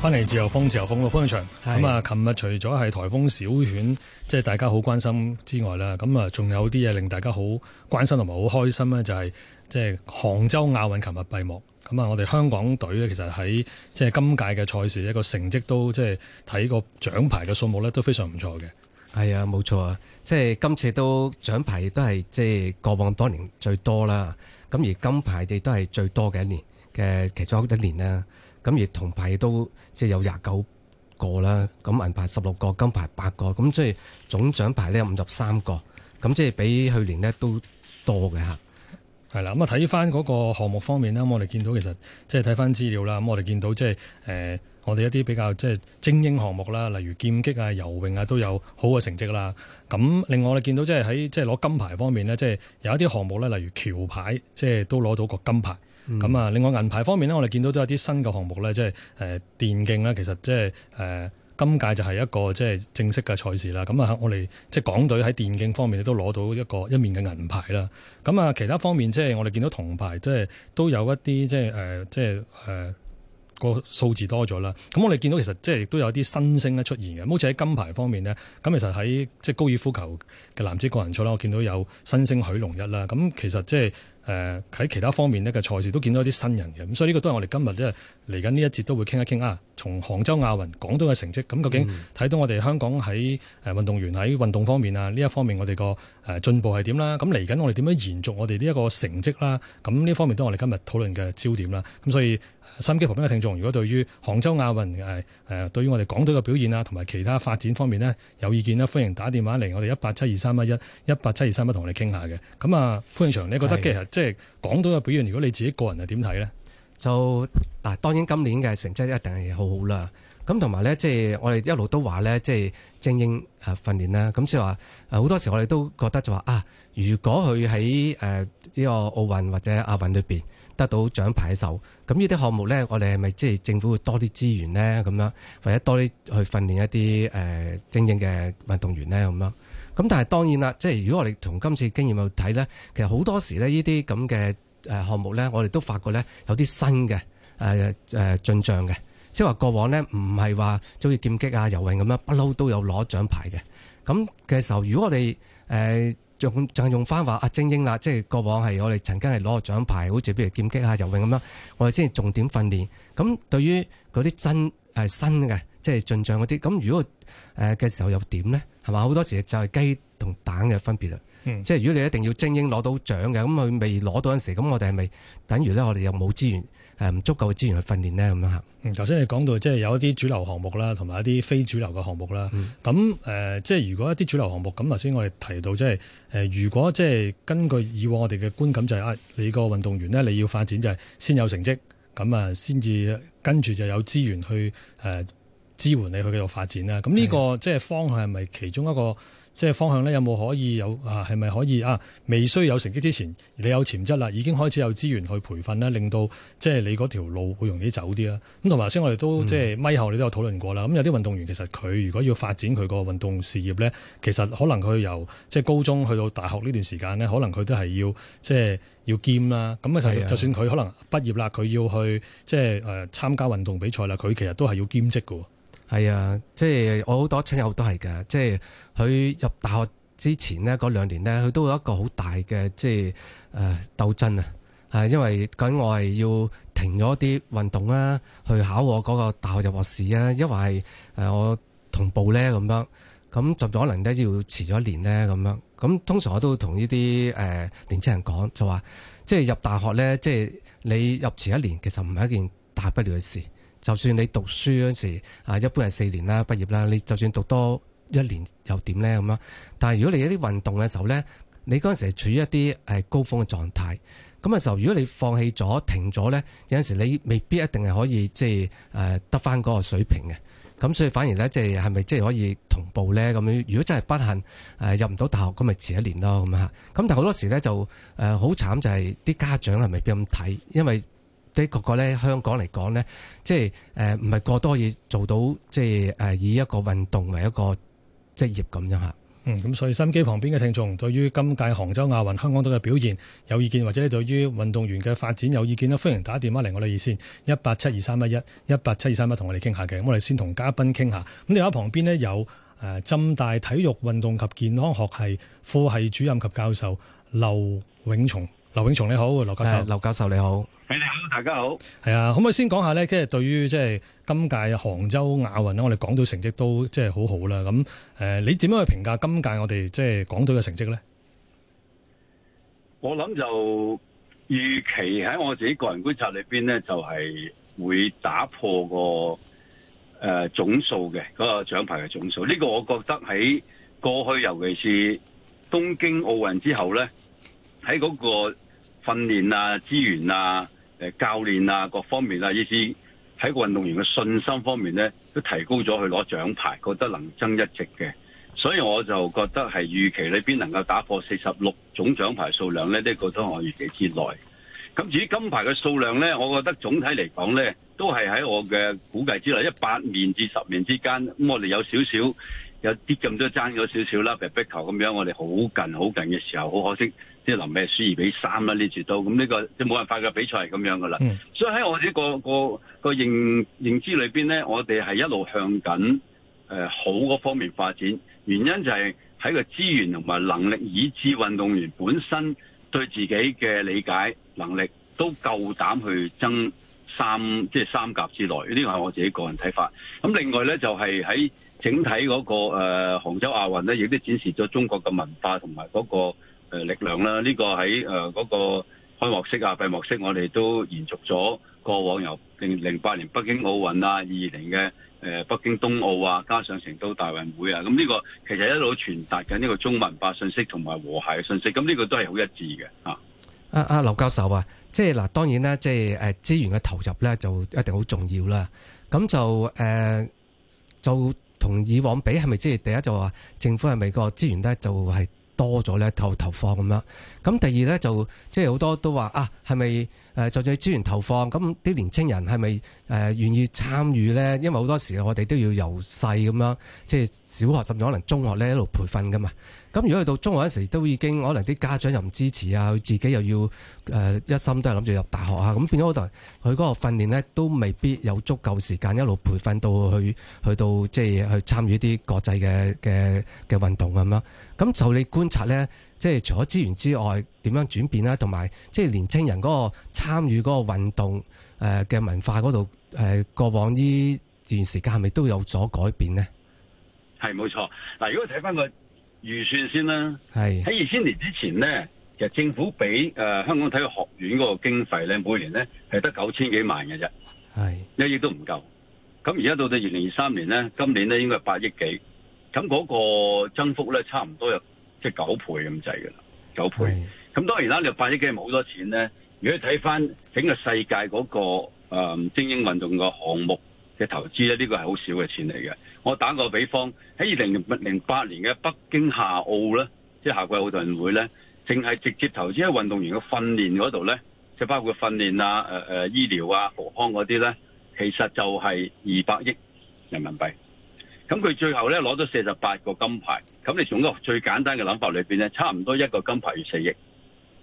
翻嚟自由風自由風嘅潘永祥，咁啊，琴日除咗係颱風小犬，即係、啊、大家好關心之外啦，咁啊，仲有啲嘢令大家好關心同埋好開心咧，就係即係杭州亞運琴日閉幕，咁啊，我哋香港隊咧，其實喺即係今屆嘅賽事一個成績都即係睇個獎牌嘅數目咧，都非常唔錯嘅。係啊，冇錯啊，即係今次都獎牌都係即係過往多年最多啦。咁而金牌亦都係最多嘅一年嘅其中一年啦。咁而銅牌都即係有廿九個啦，咁銀牌十六個，金牌八個，咁即係總獎牌咧有五十三個，咁即係比去年呢都多嘅吓係啦，咁啊睇翻嗰個項目方面啦，咁我哋見到其實即係睇翻資料啦，咁我哋見到即係誒我哋一啲比較即係精英項目啦，例如劍擊啊、游泳啊都有好嘅成績啦。咁另外我哋見到即係喺即係攞金牌方面呢，即係有一啲項目咧，例如橋牌即係都攞到個金牌。咁啊，另外銀牌方面呢，我哋見到都有啲新嘅項目呢，即係誒電競啦。其實即係誒今屆就係一個即係正式嘅賽事啦。咁啊，我哋即係港隊喺電競方面都攞到一個一面嘅銀牌啦。咁啊，其他方面即係我哋見到銅牌，即係都有一啲即係即係誒個數字多咗啦。咁我哋見到其實即係亦都有啲新星咧出現嘅，好似喺金牌方面呢。咁其實喺即係高爾夫球嘅男子個人賽啦，我見到有新星許龍一啦。咁其實即係。誒、呃、喺其他方面咧嘅賽事都見到一啲新人嘅，咁所以呢個都係我哋今日咧嚟緊呢一節都會傾一傾啊。從杭州亞運港隊嘅成績，咁究竟睇到我哋香港喺誒運動員喺運動方面啊呢一方面我哋個誒進步係點啦？咁嚟緊我哋點樣延續我哋呢一個成績啦？咁呢方面都係我哋今日討論嘅焦點啦。咁所以、啊、心機旁邊嘅聽眾，如果對於杭州亞運誒誒、啊、對於我哋港隊嘅表現啊同埋其他發展方面呢，有意見呢，歡迎打電話嚟我哋一八七二三一一，一八七二三一同我哋傾下嘅。咁啊潘永祥，你覺得今日即係講到嘅表現，如果你自己個人係點睇咧？就嗱，當然今年嘅成績一定係好好啦。咁同埋咧，即係我哋一路都話咧，即係精英誒訓練啦。咁即係話好多時，我哋都覺得就話啊，如果佢喺誒呢個奧運或者亞運裏邊得到獎牌手，咁呢啲項目咧，我哋係咪即係政府會多啲資源咧？咁樣或者多啲去訓練一啲誒精英嘅運動員咧？咁樣。咁但係當然啦，即係如果我哋從今次經驗去睇咧，其實好多時咧呢啲咁嘅誒項目咧，我哋都發覺咧有啲新嘅誒誒進賬嘅，即係話過往呢唔係話中意劍擊啊、游泳咁樣，不嬲都有攞獎牌嘅。咁嘅時候，如果我哋誒、呃、用就用翻話阿精英啦，即係過往係我哋曾經係攞過獎牌，好似譬如劍擊啊、游泳咁樣，我哋先係重點訓練。咁對於嗰啲真係、啊、新嘅。即係進帳嗰啲，咁如果誒嘅、呃、時候又點呢？係嘛？好多時就係雞同蛋嘅分別啦、嗯。即係如果你一定要精英攞到獎嘅，咁佢未攞到嗰陣時候，咁我哋係咪等於咧？我哋又冇資源誒，唔、呃、足夠嘅資源去訓練呢？咁樣吓，頭先你講到即係有一啲主流項目啦，同埋一啲非主流嘅項目啦。咁誒，即係如果一啲主流項目，咁頭先我哋提到即係誒，如、呃、果即係根據以往我哋嘅觀感，就係、是、啊，你個運動員呢，你要發展就係先有成績，咁啊，先至跟住就有資源去誒。呃支援你去繼續發展啦。咁呢個即係方向係咪其中一個即係方向呢，有冇可以有啊？係咪可以啊？未需有成績之前，你有潛質啦，已經開始有資源去培訓啦，令到即係你嗰條路會容易走啲啦。咁同埋先，我哋都即係咪後你都有討論過啦。咁有啲運動員其實佢如果要發展佢個運動事業呢，其實可能佢由即係高中去到大學呢段時間呢，可能佢都係要即係要兼啦。咁啊，就算佢可能畢業啦，佢要去即係誒參加運動比賽啦，佢其實都係要兼職喎。係啊，即係我好多親友都係嘅，即係佢入大學之前呢，嗰兩年呢，佢都有一個好大嘅即係誒鬥爭啊，係因為咁我係要停咗啲運動啊，去考我嗰個大學入學試啊，因為係誒我同步呢，咁樣，咁就可能都要遲咗一年呢。咁樣。咁通常我都同呢啲誒年青人講就話，即係入大學呢，即係你入遲一年，其實唔係一件大不了嘅事。就算你讀書嗰時候，啊一般係四年啦，畢業啦，你就算讀多一年又點呢？咁啊？但係如果你一啲運動嘅時候呢，你嗰陣時係處於一啲誒高峰嘅狀態，咁嘅時候，如果你放棄咗停咗呢，有陣時候你未必一定係可以即係誒得翻嗰個水平嘅。咁所以反而呢，即係係咪即係可以同步呢？咁樣？如果真係不幸誒入唔到大學，咁咪遲一年咯咁嚇。咁但好多時呢，就誒好慘，就係啲家長係未必咁睇，因為的確個咧，香港嚟講呢，即係誒唔係過多可以做到，即係誒以一個運動為一個職業咁樣嚇。嗯，咁所以心機旁邊嘅聽眾，對於今屆杭州亞運香港隊嘅表現有意見，或者對於運動員嘅發展有意見啦，歡迎打電話嚟我哋耳先，187-231, 187-231一八七二三一一一八七二三一，同我哋傾下嘅。咁我哋先同嘉賓傾下。咁電話旁邊呢有誒浸大體育運動及健康學系副系主任及教授劉永松。劉永松你好，劉教授。劉教授你好，hey, 你好，大家好。係啊，可唔可以先講下咧？即係對於即係今屆杭州亞運咧，我哋港隊成績都即係好好啦。咁誒、呃，你點樣去評價今屆我哋即係港隊嘅成績咧？我諗就預期喺我自己個人觀察裏邊咧，就係、是、會打破個誒、呃、總數嘅嗰個獎牌嘅總數。呢、這個我覺得喺過去，尤其是東京奧運之後咧。喺嗰個訓練啊、資源啊、誒、呃、教練啊各方面啊，以至喺個運動員嘅信心方面咧，都提高咗去攞獎牌，覺得能爭一席嘅。所以我就覺得係預期裏邊能夠打破四十六種獎牌數量咧，呢個都係我預期之內。咁至於金牌嘅數量咧，我覺得總體嚟講咧，都係喺我嘅估計之內，一百面至十面之間。咁我哋有少少有啲咁多爭咗少少啦。譬如壁球咁樣，我哋好近好近嘅時候，好可惜。啲林咩輸二比三啦，呢次都咁，呢個就冇辦法嘅比賽係咁樣噶啦，mm. 所以喺我自己個個個認認知裏邊咧，我哋係一路向緊誒好嗰方面發展。原因就係喺個資源同埋能力，以致運動員本身對自己嘅理解能力都夠膽去爭三，即係三甲之內。呢個係我自己個人睇法。咁另外咧就係喺整體嗰個誒杭州亞運咧，亦都展示咗中國嘅文化同埋嗰個。誒，力量啦，呢個喺誒嗰個開幕式啊閉幕式，我哋都延續咗過往由零零八年北京奧運啊，二零嘅誒北京冬奧啊，加上成都大運會啊，咁呢個其實一路傳達緊呢個中文化信息同埋和諧嘅信息，咁呢個都係好一致嘅啊！啊啊劉教授啊，即係嗱，當然咧，即係誒資源嘅投入咧，就一定好重要啦。咁就誒就同以往比，係咪即係第一就話政府係美國資源咧就係？多咗呢，投投放咁樣。咁第二呢，啊，就即係好多都話啊，係咪誒就算資源投放，咁啲年青人係咪誒願意參與呢？因為好多時我哋都要由細咁樣，即係小學甚至可能中學呢一路培訓噶嘛。咁如果去到中學嗰時，都已經可能啲家長又唔支持啊，佢自己又要、呃、一心都係諗住入大學啊，咁變咗好多佢嗰個訓練呢都未必有足夠時間一路培訓到去去到即係去參與啲國際嘅嘅嘅運動咁咯。咁就你觀察呢，即係除咗資源之外，點樣轉變啦？同埋即係年青人嗰個參與嗰個運動嘅、呃、文化嗰度誒，過往呢段時間係咪都有咗改變呢？係冇錯。嗱，如果睇翻個預算先啦，喺二千年之前咧，其實政府俾誒、呃、香港體育學院嗰個經費咧，每年咧係得九千幾萬嘅啫，一億都唔夠。咁而家到到二零二三年咧，今年咧應該係八億幾，咁嗰個增幅咧差唔多有即係九倍咁滯㗎啦，九倍。咁當然啦，你八億幾冇多錢咧，如果你睇翻整個世界嗰個、呃、精英運動嘅項目嘅投資咧，呢個係好少嘅錢嚟嘅。我打個比方，喺二零零八年嘅北京夏奧咧，即係夏季奧運會咧，淨係直接投資喺運動員嘅訓練嗰度咧，就包括訓練啊、誒、呃、誒醫療啊、復康嗰啲咧，其實就係二百億人民幣。咁佢最後咧攞咗四十八個金牌，咁你從一個最簡單嘅諗法裏邊咧，差唔多一個金牌要四億。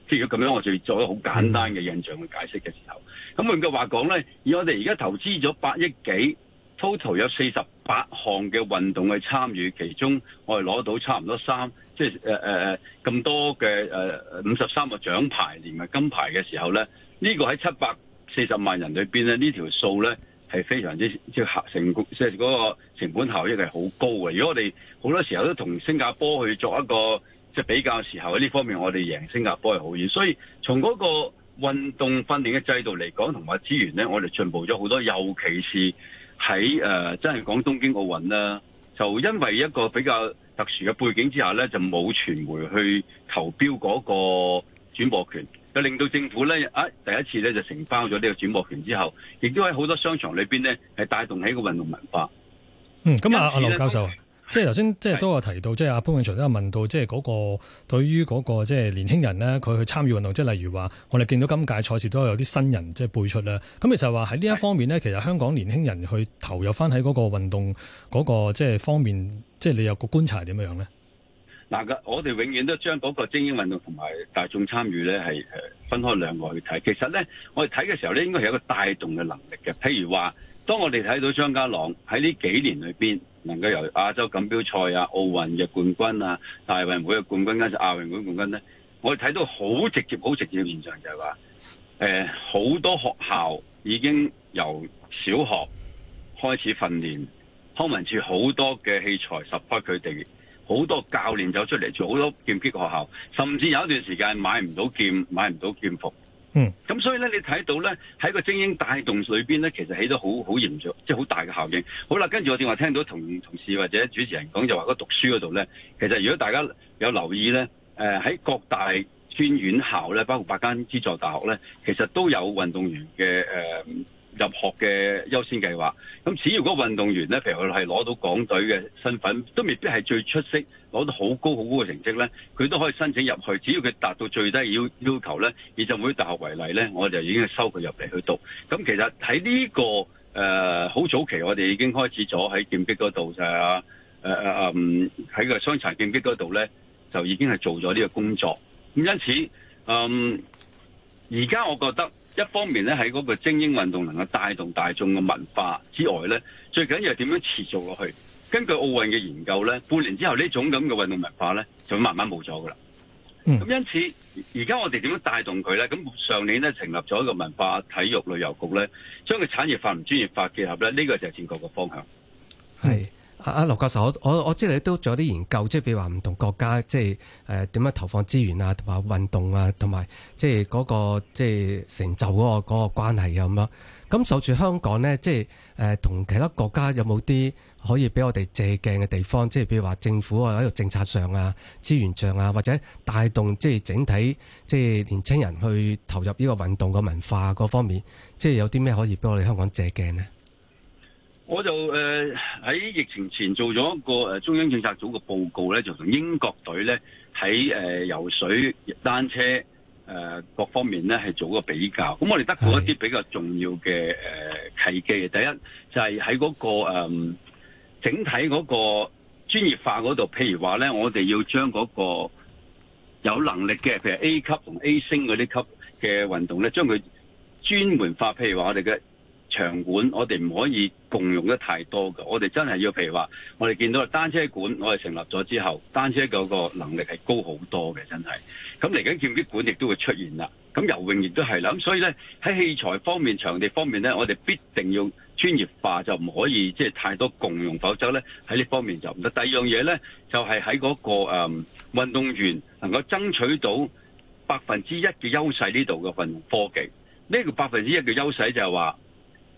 即係如果咁樣，我就做咗好簡單嘅印象去解釋嘅時候，咁換句話講咧，以我哋而家投資咗八億幾。Total 有四十八項嘅運動去參與，其中我哋攞到差唔多三，就是，即係誒誒誒咁多嘅誒五十三個獎牌，連埋金牌嘅時候咧，呢、這個喺七百四十萬人裏邊咧，這個，數，呢條數咧係非常之即係成即係嗰個成本效益係好高嘅。如果我哋好多時候都同新加坡去做一個即係、就是、比較時候，喺呢方面我哋贏新加坡係好遠，所以從嗰個運動訓練嘅制度嚟講，同埋資源咧，我哋進步咗好多，尤其是。喺誒、呃，真係講東京奧運啦，就因為一個比較特殊嘅背景之下咧，就冇傳媒去投標嗰個轉播權，就令到政府咧啊第一次咧就承包咗呢個轉播權之後，亦都喺好多商場裏邊咧係帶動起個運動文化。嗯，咁、嗯、啊，阿、嗯、劉教授。即係頭先，即係都有提到，是即係阿潘永祥都有問到，即係嗰個對於嗰個即係年輕人咧，佢去參與運動，即係例如話，我哋見到今屆賽事都有啲新人即係輩出啦。咁其實話喺呢一方面咧，其實香港年輕人去投入翻喺嗰個運動嗰個即係方面，即係你有個觀察點樣樣咧？嗱，我哋永遠都將嗰個精英運動同埋大眾參與咧係誒分開兩個去睇。其實咧，我哋睇嘅時候咧，應該係有一個帶動嘅能力嘅。譬如話，當我哋睇到張家朗喺呢幾年裏邊。能夠由亞洲錦標賽啊、奧運嘅冠軍啊、大運會嘅冠軍、啊，加上亞運會冠軍咧，我哋睇到好直接、好直接嘅現象就係、是、話，誒、呃、好多學校已經由小學開始訓練，康文署好多嘅器材 support 佢哋，好多教練走出嚟，做好多劍擊學校，甚至有一段時間買唔到劍，買唔到劍服。嗯，咁所以咧，你睇到咧，喺個精英帶動裏邊咧，其實起咗好好嚴重，即係好大嘅效應。好啦，跟住我正話聽到同同事或者主持人講，就話嗰讀書嗰度咧，其實如果大家有留意咧，誒、呃、喺各大專院校咧，包括八間資助大學咧，其實都有運動員嘅誒。呃入學嘅優先計劃，咁只要個運動員咧，譬如佢係攞到港隊嘅身份，都未必係最出色，攞到好高好高嘅成績咧，佢都可以申請入去。只要佢達到最低要要求咧，以浸會大學為例咧，我就已經係收佢入嚟去讀。咁其實喺呢個誒好，呃，早期，我哋已經開始咗喺劍擊嗰度就係啊誒誒誒，喺個傷殘劍擊嗰度咧就已經係做咗呢個工作。咁因此，誒而家我覺得。一方面咧喺嗰個精英運動能夠帶動大眾嘅文化之外咧，最緊要係點樣持續落去？根據奧運嘅研究咧，半年之後呢種咁嘅運動文化咧就會慢慢冇咗噶啦。咁因此，而家我哋點樣帶動佢咧？咁上年咧成立咗一個文化體育旅遊局咧，將佢產業化同專業化結合咧，呢個就係正確嘅方向。係。啊，劉教授，我我我知你都做啲研究，即係譬如話唔同國家，即係誒點樣投放資源啊，同埋運動啊，同埋即係嗰、嗰個即係成就嗰個嗰個關係啊咁樣，咁守住香港咧，即係誒同其他國家有冇啲可以俾我哋借鏡嘅地方？即係譬如話政府啊，喺度政策上啊、資源上啊，或者帶動即係整體即係年青人去投入呢個運動嘅文化嗰方面，即係有啲咩可以俾我哋香港借鏡咧？我就誒喺、呃、疫情前做咗一個誒中央政策組嘅報告咧，就同英國隊咧喺誒游水、單車誒、呃、各方面咧係做個比較，咁我哋得過一啲比較重要嘅誒、呃、契機嘅。第一就係喺嗰個誒、呃、整體嗰個專業化嗰度，譬如話咧，我哋要將嗰個有能力嘅，譬如 A 級同 A 星嗰啲級嘅運動咧，將佢專門化。譬如話我哋嘅。場館我哋唔可以共用得太多㗎，我哋真係要，譬如話我哋見到單車館，我哋成立咗之後，單車嘅個能力係高好多嘅，真係。咁嚟緊劍擊館亦都會出現啦，咁游泳亦都係啦。咁所以咧喺器材方面、場地方面咧，我哋必定要專業化，就唔可以即係、就是、太多共用，否則咧喺呢方面就唔得。第二樣嘢咧，就係喺嗰個誒運、嗯、動員能夠爭取到百分之一嘅優勢呢度嘅份科技。呢、這個百分之一嘅優勢就係話。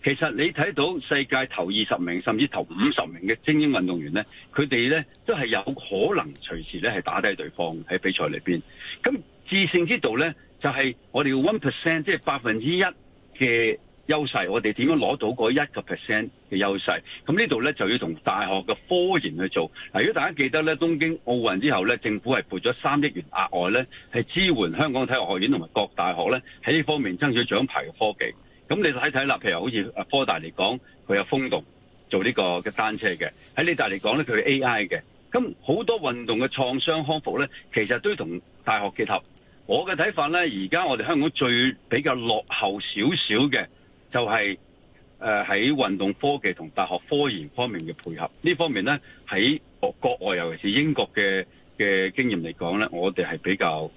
其實你睇到世界頭二十名甚至頭五十名嘅精英運動員呢，佢哋呢都係有可能隨時呢係打低對方喺比賽裏邊。咁制勝之道呢，就係、是、我哋要 one percent，即係百分之一嘅優勢，我哋點樣攞到嗰一個 percent 嘅優勢？咁呢度呢，就要同大學嘅科研去做。嗱，如果大家記得呢，東京奧運之後呢，政府係撥咗三億元額外呢，係支援香港體育學院同埋各大學呢，喺呢方面爭取獎牌嘅科技。咁你睇睇啦，譬如好似科大嚟講，佢有風洞做呢個嘅單車嘅。喺呢度嚟講咧，佢係 A I 嘅。咁好多運動嘅創傷康復咧，其實都同大學結合。我嘅睇法咧，而家我哋香港最比較落後少少嘅，就係誒喺運動科技同大學科研方面嘅配合。呢方面咧喺國國外，尤其是英國嘅嘅經驗嚟講咧，我哋係比較。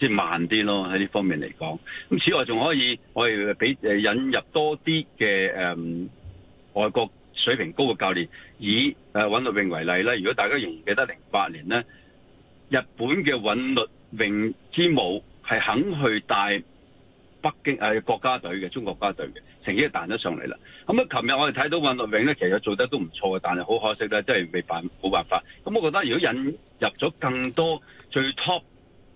即係慢啲咯，喺呢方面嚟講，咁此外仲可以，我哋俾引入多啲嘅、嗯、外國水平高嘅教練。以誒韻律泳為例咧，如果大家仍然記得零八年咧，日本嘅韻律泳之母係肯去帶北京誒、啊、國家隊嘅中國國家隊嘅，成績彈得上嚟啦。咁啊，琴日我哋睇到韻律泳咧，其實做得都唔錯嘅，但係好可惜咧，真係未辦冇辦法。咁我覺得如果引入咗更多最 top。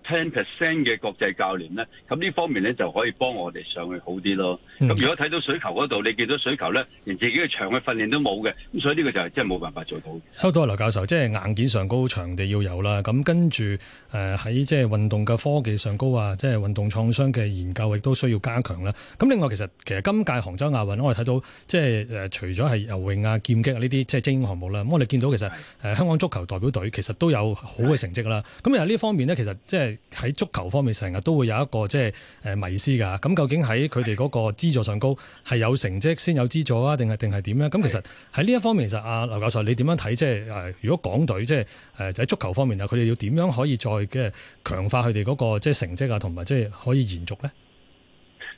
ten percent 嘅國際教練呢，咁呢方面呢就可以幫我哋上去好啲咯。咁如果睇到水球嗰度，你見到水球呢，連自己嘅場嘅訓練都冇嘅，咁所以呢個就係真係冇辦法做到。收到啊，劉教授，即係硬件上高，場地要有啦。咁跟住誒喺即係運動嘅科技上高啊，即係運動創傷嘅研究亦都需要加強啦。咁另外其實其實今屆杭州亞運，我哋睇到即係除咗係游泳啊、劍擊啊呢啲即係精英項目啦。咁我哋見到其實、呃、香港足球代表隊其實都有好嘅成績啦。咁又呢方面呢，其實即係。喺足球方面成日都會有一個即係誒迷思㗎，咁究竟喺佢哋嗰個資助上高係有成績先有資助啊，定係定係點咧？咁其實喺呢一方面，其實阿劉教授你點樣睇？即係誒，如果港隊即係誒喺足球方面啊，佢哋要點樣可以再即係強化佢哋嗰個即係成績啊，同埋即係可以延續咧？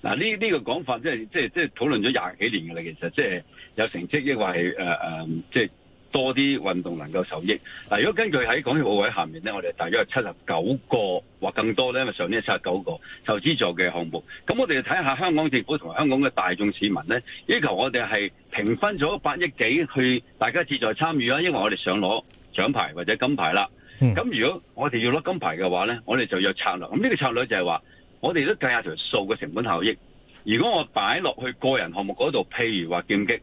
嗱、這個就是，呢呢個講法即係即係即係討論咗廿幾年㗎啦，其實即係有成績抑或係誒誒即係。呃就是多啲運動能夠受益。嗱，如果根據喺港協奧委下面咧，我哋大約有七十九個或更多咧，上年係七十九個受資助嘅項目。咁我哋就睇下香港政府同香港嘅大眾市民咧，要求我哋係平分咗八億幾去大家志在參與啦。因為我哋想攞獎牌或者金牌啦。咁、嗯、如果我哋要攞金牌嘅話咧，我哋就要策略。咁呢個策略就係話，我哋都計下條數嘅成本效益。如果我擺落去個人項目嗰度，譬如話劍擊。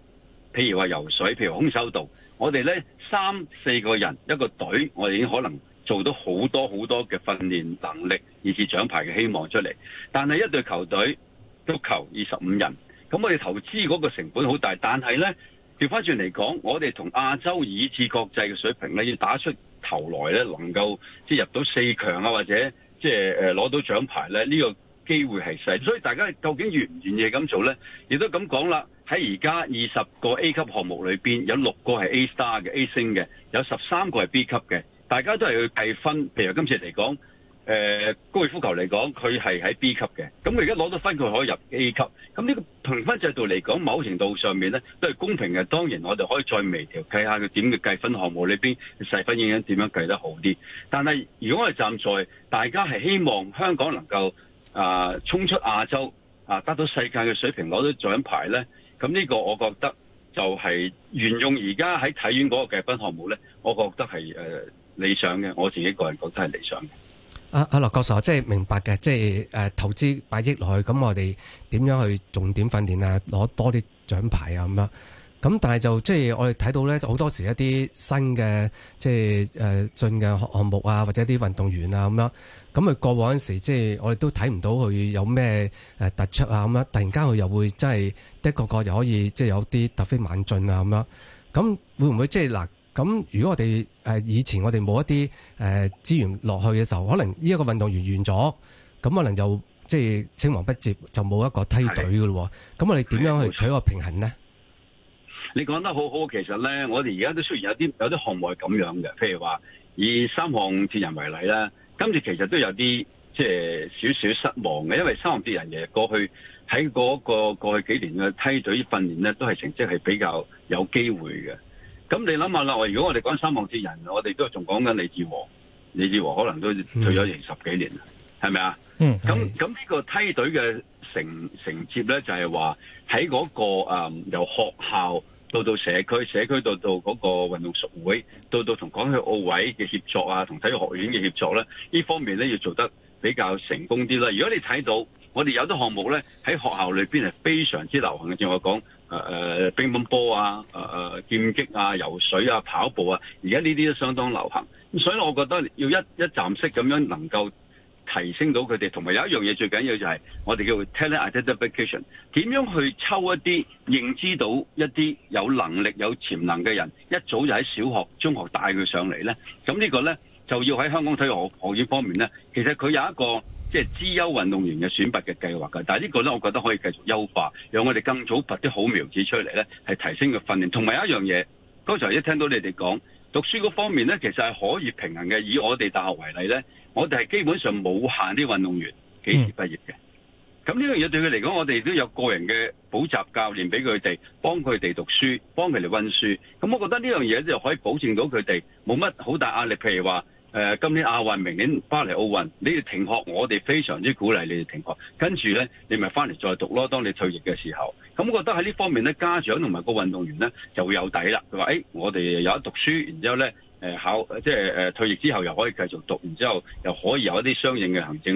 譬如話游水，譬如空手道，我哋呢三四個人一個隊，我哋已經可能做到好多好多嘅訓練能力，以至獎牌嘅希望出嚟。但係一隊球隊，足球二十五人，咁我哋投資嗰個成本好大。但係呢，掉返轉嚟講，我哋同亞洲以至國際嘅水平呢，要打出頭來呢，能夠即入到四強啊，或者即係攞到獎牌呢，呢個機會係細。所以大家究竟願唔願意咁做呢？亦都咁講啦。喺而家二十個 A 級項目裏邊，有六個係 A star 嘅，A 星嘅，有十三個係 B 級嘅。大家都係去計分，譬如今次嚟講，誒、呃、高爾夫球嚟講，佢係喺 B 級嘅。咁佢而家攞到分，佢可以入 A 級。咁呢個評分制度嚟講，某程度上面咧都係公平嘅。當然我哋可以再微調，睇下佢點嘅計分項目裏邊，細分影響點樣計得好啲。但係如果我哋站在大家係希望香港能夠啊衝出亞洲啊，得、啊、到世界嘅水平攞到獎牌咧。咁呢個我覺得就係沿用而家喺體院嗰個嘅分項目咧，我覺得係誒、呃、理想嘅。我自己個人覺得係理想嘅。阿阿羅教授，即係明白嘅，即係誒投資百億落去，咁我哋點樣去重點訓練啊，攞多啲獎牌啊，咁樣。咁但係就即係我哋睇到咧，好多時一啲新嘅即係誒、呃、進嘅項目啊，或者啲運動員啊咁樣，咁佢過往時即係我哋都睇唔到佢有咩誒突出啊咁樣，突然間佢又會真係的確確又可以即係有啲突飛猛進啊咁樣，咁會唔會即係嗱？咁如果我哋誒、呃、以前我哋冇一啲誒、呃、資源落去嘅時候，可能呢一個運動員完咗，咁可能又即係青黃不接，就冇一個梯隊噶咯喎，咁我哋點樣去取個平衡呢？你講得好好，其實咧，我哋而家都雖然有啲有啲項目係咁樣嘅，譬如話以三項鐵人為例啦，今次其實都有啲即係少少失望嘅，因為三項鐵人嘅過去喺嗰個過去幾年嘅梯隊訓練咧，都係成績係比較有機會嘅。咁你諗下啦，如果我哋講三項鐵人，我哋都仲講緊李致和，李致和可能都退咗營十幾年係咪啊？嗯。咁咁呢個梯隊嘅承承接咧，就係話喺嗰個由、呃、學校，到到社區，社區到到嗰個運動術會，到到同港區奧委嘅協作啊，同體育學院嘅協作咧，呢方面咧要做得比較成功啲啦。如果你睇到我哋有啲項目咧喺學校裏邊係非常之流行嘅，正如我講誒誒乒乓波啊、誒、呃、誒劍擊啊、游水啊、跑步啊，而家呢啲都相當流行，咁所以我覺得要一一站式咁樣能夠。提升到佢哋，同埋有一樣嘢最緊要就係我哋叫 talent identification，點樣去抽一啲認知到一啲有能力有潛能嘅人，一早就喺小學、中學帶佢上嚟咧。咁呢個咧就要喺香港體育學、學院方面咧，其實佢有一個即係資優運動員嘅選拔嘅計劃嘅，但係呢個咧，我覺得可以繼續優化，讓我哋更早拔啲好苗子出嚟咧，係提升佢訓練。同埋有一樣嘢，剛才一聽到你哋講讀書嗰方面咧，其實係可以平衡嘅。以我哋大學為例咧。我哋係基本上冇限啲運動員幾時畢業嘅，咁、嗯、呢樣嘢對佢嚟講，我哋都有個人嘅補習教練俾佢哋，幫佢哋讀書，幫佢哋溫書。咁、嗯、我覺得呢樣嘢就可以保證到佢哋冇乜好大壓力。譬如話，誒、呃，今年亞運，明年翻嚟奧運，你哋停學，我哋非常之鼓勵你哋停學。跟住呢，你咪翻嚟再讀咯。當你退役嘅時候，咁、嗯、我覺得喺呢方面呢，家長同埋個運動員呢就會有底啦。佢話：誒、哎、我哋有得讀書，然之後呢。誒考，即係誒退役之後又可以繼續讀，然之後又可以有一啲相應嘅行政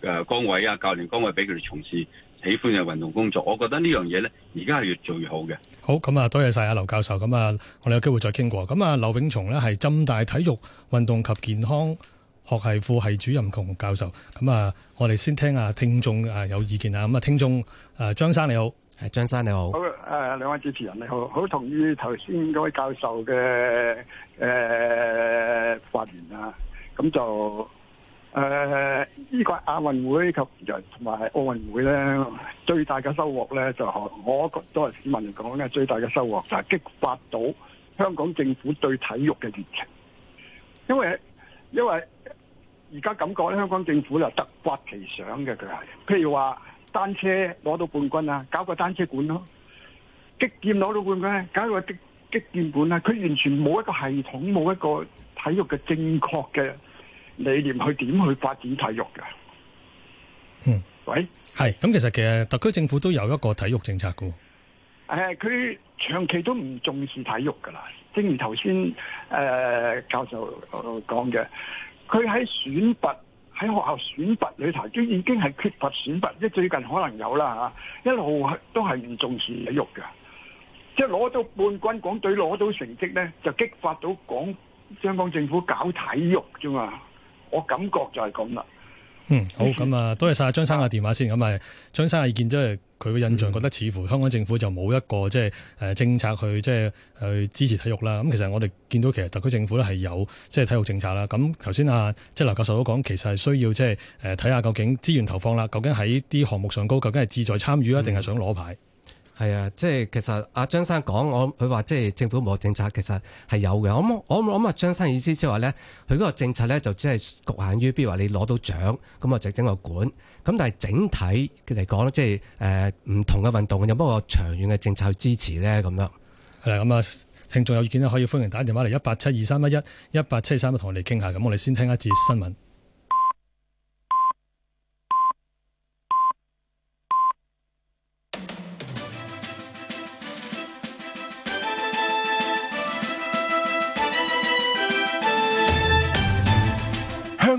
誒崗位啊、教練崗位俾佢哋從事喜歡嘅運動工作。我覺得呢樣嘢呢而家係越做越好嘅。好，咁啊，多謝晒啊，劉教授。咁啊，我哋有機會再傾過。咁啊，劉永松呢係浸大體育運動及健康學系副系主任同教授。咁啊，我哋先聽下聽眾誒有意見啊。咁啊，聽眾誒張生你好。張生你好，好誒，兩位主持人你好，好同意頭先嗰位教授嘅誒、呃、發言啊，咁就誒呢、呃這個亞運會及人同埋奧運會咧，最大嘅收穫咧就我作為市民嚟講咧，最大嘅收穫就係激發到香港政府對體育嘅熱情，因為因為而家感覺咧，香港政府就突發奇想嘅，佢係譬如話。單車攞到冠軍啊！搞個單車館咯，擊劍攞到冠軍咧，搞個擊擊劍館啦！佢完全冇一個系統，冇一個體育嘅正確嘅理念去點去發展體育㗎。嗯，喂，係咁，其實其實特區政府都有一個體育政策噶。誒、呃，佢長期都唔重視體育噶啦，正如頭先誒教授講嘅，佢喺選拔。喺學校選拔裏頭已經係缺乏選拔，即最近可能有啦嚇，一路都係唔重視體育嘅，即攞到冠軍，港隊攞到成績咧，就激發到港香港政府搞體育啫嘛，我感覺就係咁啦。嗯，好，咁啊，多謝晒張生嘅電話先，咁啊，張生嘅意見即係佢嘅印象，覺得似乎香港政府就冇一個即係誒政策去即係去支持體育啦。咁其實我哋見到其實特區政府咧係有即係體育政策啦。咁頭先啊，即係劉教授都講，其實係需要即係誒睇下究竟資源投放啦，究竟喺啲項目上高，究竟係志在參與啊，定係想攞牌？係啊，即係其實阿張生講，我佢話即係政府冇政策，其實係有嘅。我我諗阿張生意思即係話咧，佢嗰個政策咧就只係局限於，比如話你攞到獎，咁啊就整個管。咁但係整體嚟講即係誒唔同嘅運動有冇個長遠嘅政策去支持咧？咁樣係啦。咁啊，聽眾有意見咧可以歡迎打電話嚟一八七二三一一一八七三一，同我哋傾下。咁我哋先聽一次新聞。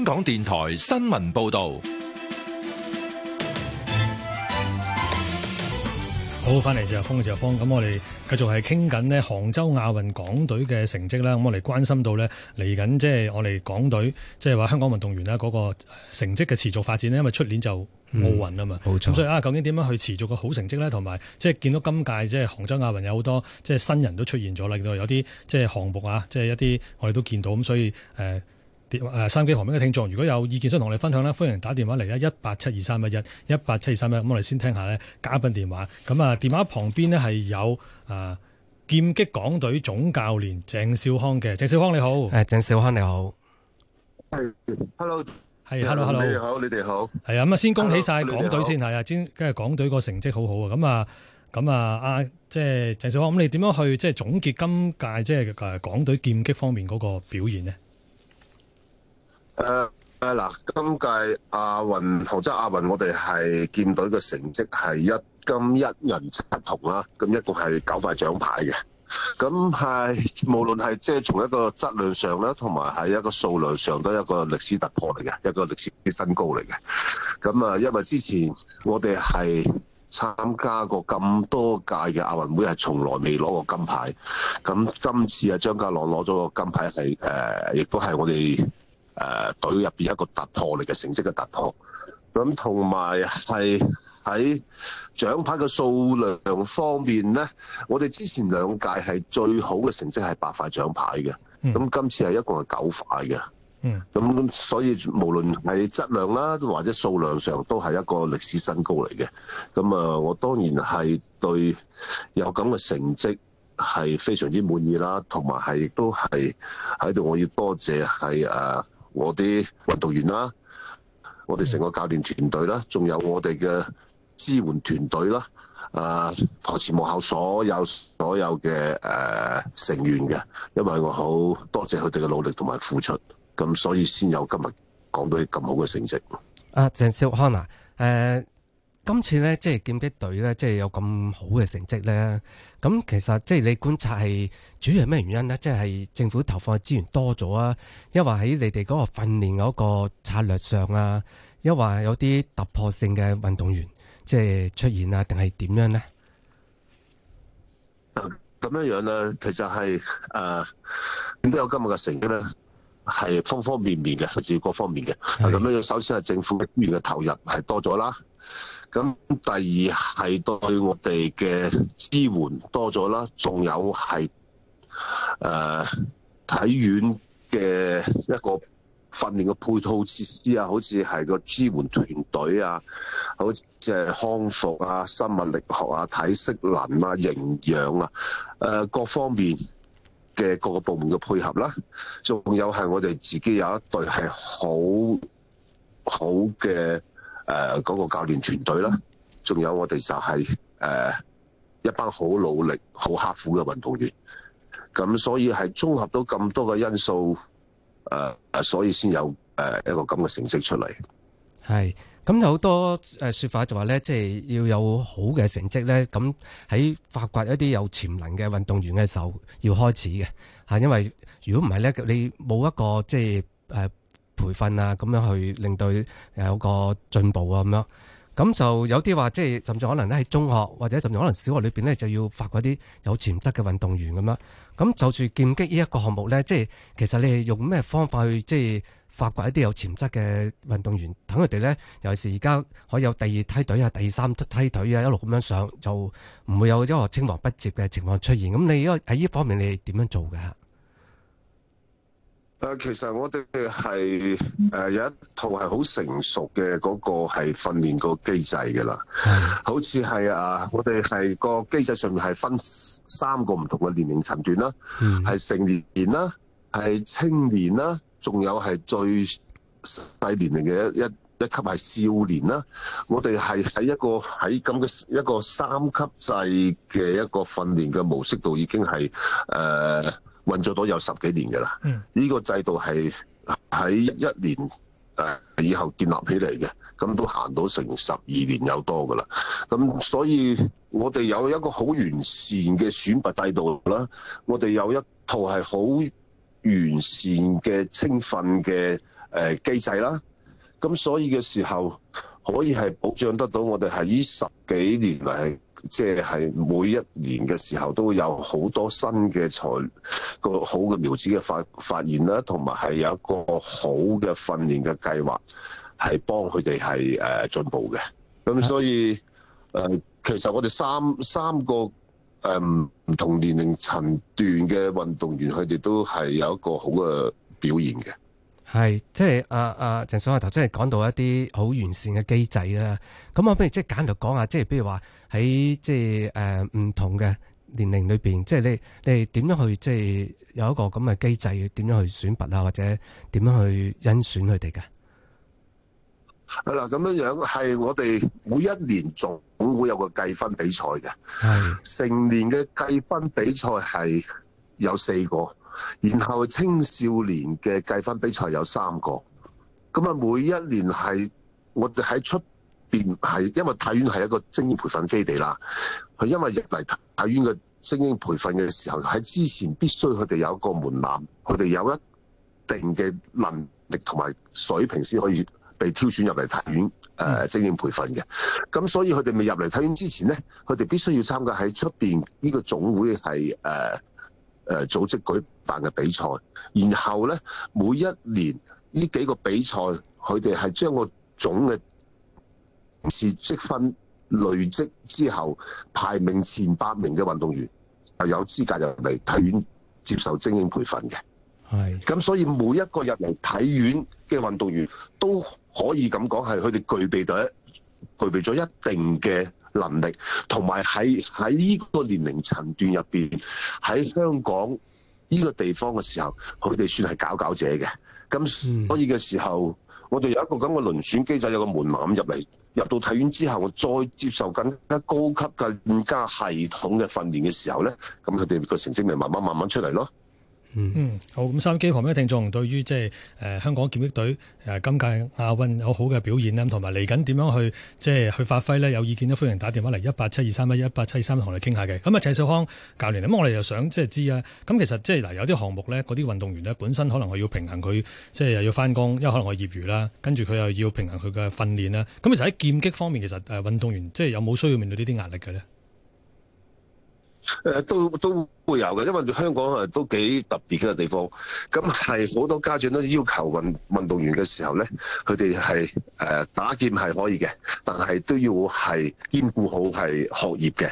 香港電台新聞報道，好，翻嚟就係方就係方，咁我哋繼續係傾緊咧杭州亞運港隊嘅成績啦。咁我哋關心到呢嚟緊即係我哋港隊，即係話香港運動員咧嗰個成績嘅持續發展咧，因為出年就奧運啊嘛，冇、嗯、錯。所以啊，究竟點樣去持續個好成績咧？同埋即係見到今屆即係杭州亞運有好多即係新人都出現咗啦，見到有啲即係項目啊，即係一啲我哋都見到咁，所以誒。呃收音機旁邊嘅聽眾，如果有意見想同我哋分享咧，歡迎打電話嚟一八七二三一一一八七二三一。咁我哋先聽一下咧，嘉賓電話。咁啊，電話旁邊呢係有誒、啊、劍擊港隊總教練鄭少康嘅。鄭少康你好，誒，鄭少康你好，hello，係，hello，hello，你好，你哋好，係啊。咁啊，先恭喜曬港隊先，係啊，先梗係港隊個成績好好啊。咁、就、啊、是，咁啊，阿即係鄭少康，咁你點樣去即係總結今屆即係誒港隊劍擊方面嗰個表現呢誒、uh,，啊嗱，今屆亞運，杭州亞運，我哋係劍隊嘅成績係一金一銀七銅啦、啊，咁一共係九塊獎牌嘅。咁係無論係即係從一個質量上咧，同埋喺一個數量上都係一個歷史突破嚟嘅，一個歷史新高嚟嘅。咁啊，因為之前我哋係參加過咁多屆嘅亞運會，係從來未攞過金牌。咁今次啊，張家朗攞咗個金牌是，係、呃、誒，亦都係我哋。誒、呃、隊入面一個突破嚟嘅成績嘅突破，咁同埋係喺獎牌嘅數量方面呢，我哋之前兩屆係最好嘅成績係八塊獎牌嘅，咁今次係一共係九塊嘅，咁所以無論係質量啦或者數量上都係一個歷史新高嚟嘅。咁啊、呃，我當然係對有咁嘅成績係非常之滿意啦，同埋係亦都係喺度我要多謝係誒。我啲運動員啦，我哋成個教練團隊啦，仲有我哋嘅支援團隊啦，啊、呃、台前幕後所有所有嘅誒、呃、成員嘅，因為我好多謝佢哋嘅努力同埋付出，咁所以先有今日講到咁好嘅成績。阿鄭兆康啊，誒、啊。呃今次咧，即係劍擊隊咧，即係有咁好嘅成績咧。咁其實即係你觀察係主要係咩原因咧？即係政府投放嘅資源多咗啊，一話喺你哋嗰個訓練嗰個策略上啊，一話有啲突破性嘅運動員即係出現啊，定係點樣咧？咁樣樣啦，其實係誒點都有今日嘅成績啦，係方方面面嘅，來自各方面嘅。咁樣樣首先係政府嘅投入係多咗啦。咁第二係對我哋嘅支援多咗啦，仲有係誒、呃、體院嘅一個訓練嘅配套設施啊，好似係個支援團隊啊，好似係係康復啊、生物力學啊、體適能啊、營養啊，呃、各方面嘅各個部門嘅配合啦、啊，仲有係我哋自己有一隊係好好嘅。誒、呃、嗰、那個教練團隊啦，仲有我哋就係、是、誒、呃、一班好努力、好刻苦嘅運動員，咁、呃、所以係綜合到咁多嘅因素，誒、呃、誒，所以先有誒、呃、一個咁嘅成績出嚟。係，咁有好多誒説法，就、呃、話咧，即係要有好嘅成績咧，咁喺發掘一啲有潛能嘅運動員嘅時候要開始嘅嚇，因為如果唔係咧，你冇一個即係誒。呃培訓啊，咁樣去令到有個進步啊，咁樣咁就有啲話，即係甚至可能咧喺中學或者甚至可能小學裏面咧就要發掘啲有潛質嘅運動員咁樣。咁就住劍擊呢一個項目咧，即係其實你係用咩方法去即係發掘一啲有潛質嘅運動員，等佢哋咧尤其是而家可以有第二梯隊啊、第三梯隊啊一路咁樣上，就唔會有一個青黃不接嘅情況出現。咁你喺呢方面你係點樣做嘅？誒，其實我哋係誒有一套係好成熟嘅嗰個係訓練個機制噶啦，好似係啊，我哋係個機制上面係分三個唔同嘅年齡層段啦，係成年啦，係青年啦，仲有係最細年齡嘅一一一級係少年啦，我哋係喺一個喺咁嘅一個三級制嘅一個訓練嘅模式度，已經係誒。運作到有十幾年㗎喇，呢個制度係喺一年以後建立起嚟嘅，咁都行到成十二年有多㗎喇。咁所以我哋有一個好完善嘅選拔制度啦，我哋有一套係好完善嘅清訓嘅誒機制啦。咁所以嘅時候。可以係保障得到，我哋喺呢十幾年嚟即係每一年嘅時候都有好多新嘅才個好嘅苗子嘅發發現啦，同埋係有一個好嘅訓練嘅計劃，係幫佢哋係誒進步嘅。咁所以誒，其實我哋三三個誒唔同年齡層段嘅運動員，佢哋都係有一個好嘅表現嘅。係、呃呃呃，即係阿阿鄭爽啊頭先係講到一啲好完善嘅機制啦。咁我不如即係簡略講下，即係比如話喺即係誒唔同嘅年齡裏邊，即係你你點樣去即係有一個咁嘅機制？點樣去選拔啊，或者點樣去甄選佢哋嘅？係啦，咁樣樣係我哋每一年做，會會有個計分比賽嘅。係成年嘅計分比賽係有四個。然後青少年嘅計分比賽有三個，咁啊每一年係我哋喺出邊係，因為體院係一個精英培訓基地啦。佢因為入嚟體院嘅精英培訓嘅時候，喺之前必須佢哋有一個門檻，佢哋有一定嘅能力同埋水平先可以被挑選入嚟體院誒精英培訓嘅。咁所以佢哋未入嚟體院之前呢，佢哋必須要參加喺出邊呢個總會係誒誒組織舉辦嘅比賽，然後咧每一年呢幾個比賽，佢哋係將個總嘅是積分累積之後排名前八名嘅運動員係有資格入嚟體院接受精英培訓嘅。係咁，所以每一個入嚟體院嘅運動員都可以咁講，係佢哋具備到一具備咗一定嘅能力，同埋喺喺呢個年齡層段入邊，喺香港。呢、這個地方嘅時候，佢哋算係佼佼者嘅，咁所以嘅時候，嗯、我哋有一個咁嘅輪選機制，有個門檻入嚟，入到體院之後，我再接受更加高級嘅更加系統嘅訓練嘅時候咧，咁佢哋個成績咪慢慢慢慢出嚟咯。嗯，嗯好。咁收音機旁邊嘅聽眾、就是，對於即係誒香港劍擊隊誒今屆亞運有好嘅表現咧，同埋嚟緊點樣去即係、就是、去發揮呢有意見都歡迎打電話嚟一八七二三一一八七二三同我哋傾下嘅。咁、就是、啊，鄭兆康教練，咁我哋又想即係知啊。咁其實即係嗱，有啲項目呢嗰啲運動員呢本身可能係要平衡佢，即係又要翻工，因為可能係業餘啦，跟住佢又要平衡佢嘅訓練啦。咁、啊、其實喺劍擊方面，其實誒運、呃、動員即係有冇需要面對壓呢啲壓力嘅呢？誒都都會有嘅，因為香港係都幾特別嘅地方，咁係好多家長都要求運運動員嘅時候咧，佢哋係誒打劍係可以嘅，但係都要係兼顧好係學業嘅。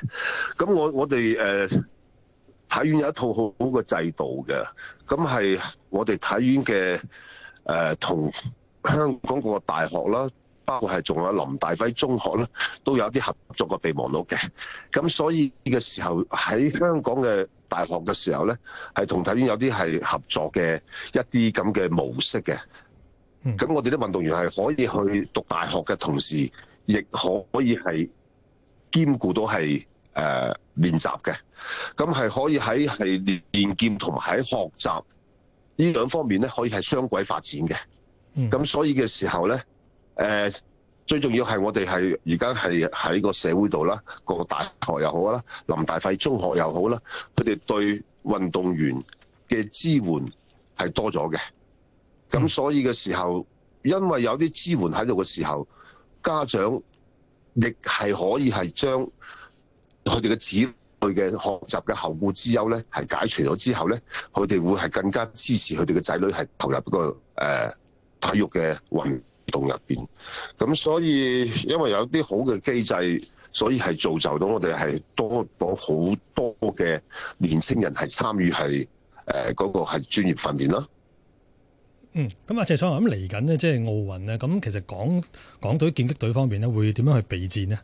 咁我我哋誒體院有一套好好嘅制度嘅，咁係我哋體院嘅誒同香港個大學啦。包括係仲有林大輝中學咧，都有一啲合作嘅備忘錄嘅。咁所以嘅時候喺香港嘅大學嘅時候咧，係同體院有啲係合作嘅一啲咁嘅模式嘅。咁我哋啲運動員係可以去讀大學嘅，同時亦可以係兼顧到係誒練習嘅。咁、呃、係可以喺係練劍同埋喺學習呢兩方面咧，可以係雙軌發展嘅。咁所以嘅時候咧。誒最重要係我哋係而家係喺個社會度啦，個大學又好啦，林大費中學又好啦，佢哋對運動員嘅支援係多咗嘅。咁所以嘅時候，因為有啲支援喺度嘅時候，家長亦係可以係將佢哋嘅子女嘅學習嘅後顧之憂咧，係解除咗之後咧，佢哋會係更加支持佢哋嘅仔女係投入一個誒體育嘅運動入邊，咁所以因為有啲好嘅機制，所以係造就到我哋係多咗好多嘅年青人係參與係誒嗰個係專業訓練啦。嗯、咁、嗯、阿、啊、鄭兆康，咁嚟緊呢，即係奧運咧，咁、就是、其實港港隊劍擊隊方面咧，會點樣去備戰呢？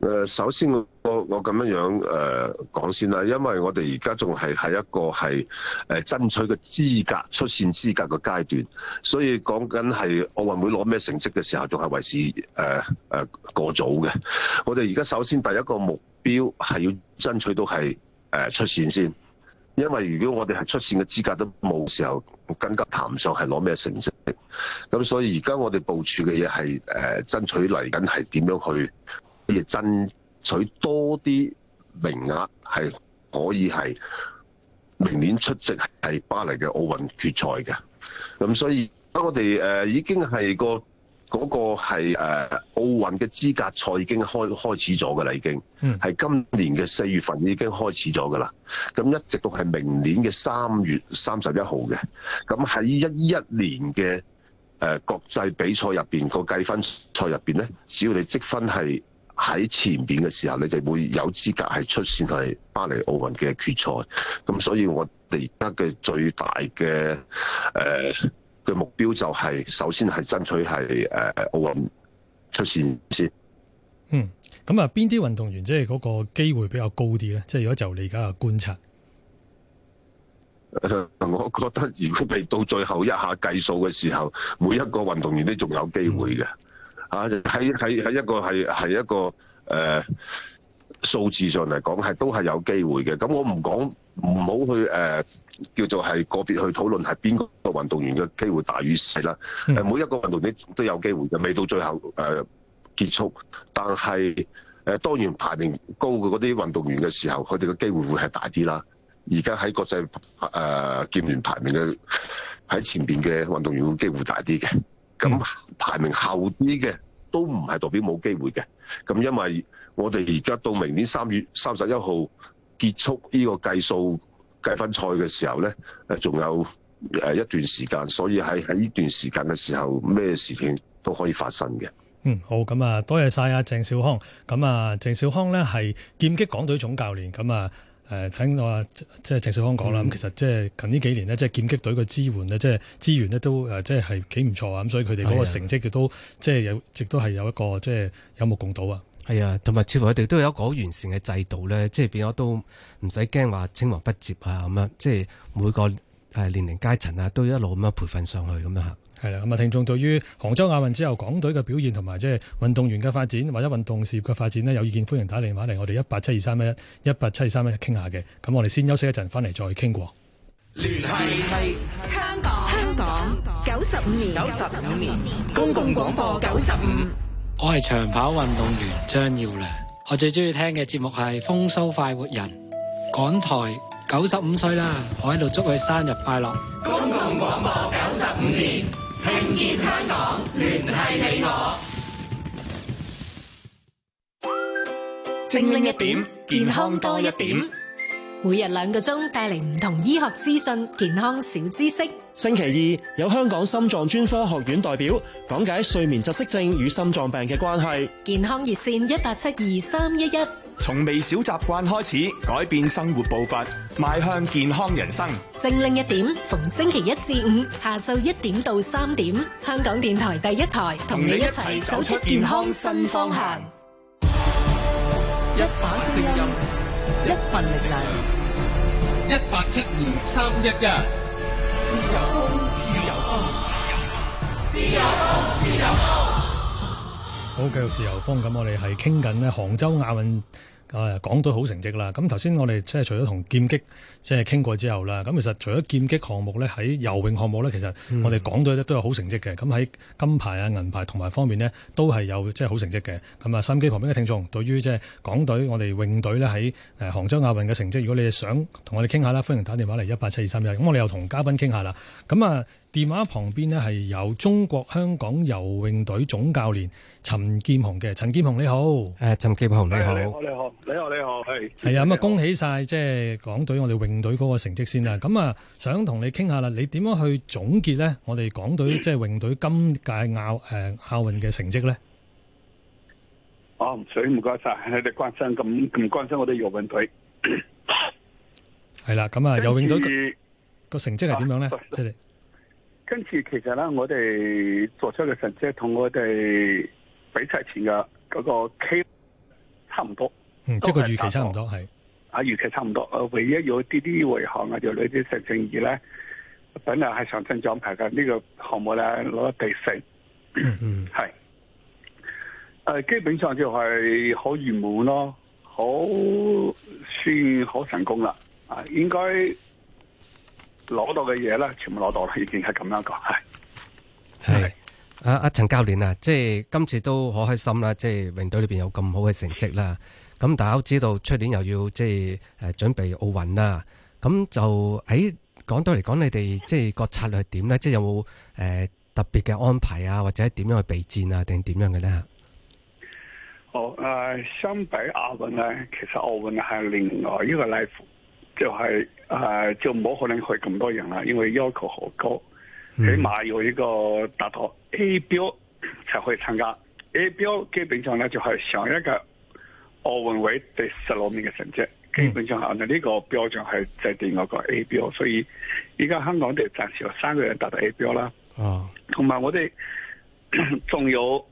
誒，首先我我咁樣樣誒講先啦，因為我哋而家仲係喺一個係誒爭取嘅資格出線資格嘅階段，所以講緊係奧運會攞咩成績嘅時候，仲係為時誒誒過早嘅。我哋而家首先第一個目標係要爭取到係誒出線先，因為如果我哋係出線嘅資格都冇時候，更加談唔上係攞咩成績。咁所以而家我哋部署嘅嘢係誒爭取嚟緊係點樣去。要爭取多啲名額，係可以係明年出席係巴黎嘅奧運決賽嘅。咁所以我哋誒已經係個嗰個係誒奧運嘅資格賽已經開開始咗㗎啦，已經係今年嘅四月份已經開始咗㗎啦。咁一直到係明年嘅三月三十一號嘅。咁喺一一年嘅誒國際比賽入邊個計分賽入邊咧，只要你積分係。喺前面嘅時候，你就會有資格係出線係巴黎奧運嘅決賽。咁所以，我哋而家嘅最大嘅誒嘅目標就係首先係爭取係誒、呃、奧運出線先。嗯，咁啊，邊啲運動員即係嗰個機會比較高啲咧？即係如果就你而家嘅觀察、呃，我覺得如果未到最後一下計數嘅時候，每一個運動員都仲有機會嘅。嗯。啊，係係係一個係係一個誒、呃、數字上嚟講係都係有機會嘅。咁我唔講，唔好去誒、呃、叫做係個別去討論係邊個運動員嘅機會大與細啦，嗯。每一個運動員都有機會嘅，未到最後誒、呃、結束。但係誒、呃、當然排名高嘅嗰啲運動員嘅時候，佢哋嘅機會會係大啲啦。而家喺國際誒、呃、劍聯排名嘅喺前面嘅運動員會機會大啲嘅。咁、嗯、排名後啲嘅都唔係代表冇機會嘅。咁因為我哋而家到明年三月三十一號結束呢個計數計分賽嘅時候呢，仲有一段時間，所以喺喺呢段時間嘅時候，咩事情都可以發生嘅。嗯，好，咁啊，多謝晒啊，鄭兆康。咁啊，鄭兆康呢係劍擊港隊總教練。咁啊。誒、呃、睇我啊，即係鄭兆康講啦。咁其實即係近呢幾年呢，即係劍擊隊嘅支援即係資源都即係幾唔錯啊。咁所以佢哋嗰個成績亦都即係有，亦都係有一個即係有目共睹啊。係啊，同埋似乎佢哋都有一個好完善嘅制度咧，即係變咗都唔使驚話青黃不接啊。咁樣即係每個年齡階層啊，都要一路咁樣培訓上去咁係啦，咁啊，聽眾對於杭州亞運之後，港隊嘅表現同埋即係運動員嘅發展或者運動事業嘅發展呢，有意見歡迎打電話嚟我哋一八七二三一一八七二三一傾下嘅。咁我哋先休息一陣，翻嚟再傾過。聯繫係香港香港九十五年九十五年，十年公共廣播九十五。我係長跑運動員張耀良，我最中意聽嘅節目係《風騷快活人》。港台九十五歲啦，我喺度祝佢生日快樂。公共廣播九十五年。聽見香港聯繫你我。精靈一點，健康多一點。每日兩個鐘帶嚟唔同醫學資訊、健康小知識。星期二有香港心臟專科學院代表講解睡眠窒息症與心臟病嘅關係。健康熱線一八七二三一一。從微小習慣，開始改變生活步伐，邁向健康人生。精神一點，奮進一點1 好，繼續自由風咁，我哋係傾緊呢杭州亞運、呃，港隊好成績啦。咁頭先我哋即係除咗同劍擊即係傾過之後啦，咁其實除咗劍擊項目咧，喺游泳項目咧，其實我哋港隊咧都有好成績嘅。咁、嗯、喺金牌啊、銀牌同埋方面呢，都係有即係好成績嘅。咁啊，收音機旁邊嘅聽眾，對於即係港隊我哋泳隊咧喺、呃、杭州亞運嘅成績，如果你想同我哋傾下啦，歡迎打電話嚟一八七二三一。咁我哋又同嘉賓傾下啦。咁啊。電話旁邊咧係由中國香港游泳隊總教練陳劍虹嘅，陳劍虹你好，誒，陳劍虹你好，你好你好你好你好，係係啊。咁啊，恭喜晒即係港隊我哋泳隊嗰個成績先啦，咁啊想同你傾下啦，你點樣去總結咧我哋港隊即係泳隊今屆亞誒亞運嘅成績咧？哦，唔使唔該晒，你哋關心咁咁關心我哋游泳隊係啦，咁啊游泳隊個成績係點樣咧？即係。跟住其實咧，我哋做出嘅成績同我哋比賽前嘅嗰個 k 差唔多，嗯、即係個預期差唔多係。啊，預期差唔多。誒，唯一有啲啲遺憾啊，就女啲成正義咧，本來係上升狀態，嘅、這、呢個項目咧攞咗第四，嗯嗯，係。誒、呃，基本上就係好圓滿咯，好算好成功啦。啊，應該。攞到嘅嘢啦，全部攞到啦，已經係咁樣講，係係阿阿陳教練啊，即係今次都好開心啦，即係泳隊裏邊有咁好嘅成績啦。咁大家都知道，出年又要即係誒準備奧運啦。咁就喺講到嚟講，你哋即係個策略點咧？即係有冇誒特別嘅安排啊，或者點樣去備戰啊，定點樣嘅咧？嚇！好誒，相比亞運咧，其實奧運係另外一個 level。就係、是、誒、呃，就冇可能會咁多人啦，因為要求好高、嗯，起碼有一個達到 A 標才會、嗯、才會參加。A 標基本上咧就係、是、上一屆奧運會第十六名嘅成績，基本上吓，那、嗯、呢、這個標準係制定我個 A 標，所以而家香港嘅暫時有三個人達到 A 標啦、哦呃。啊，同埋我哋仲有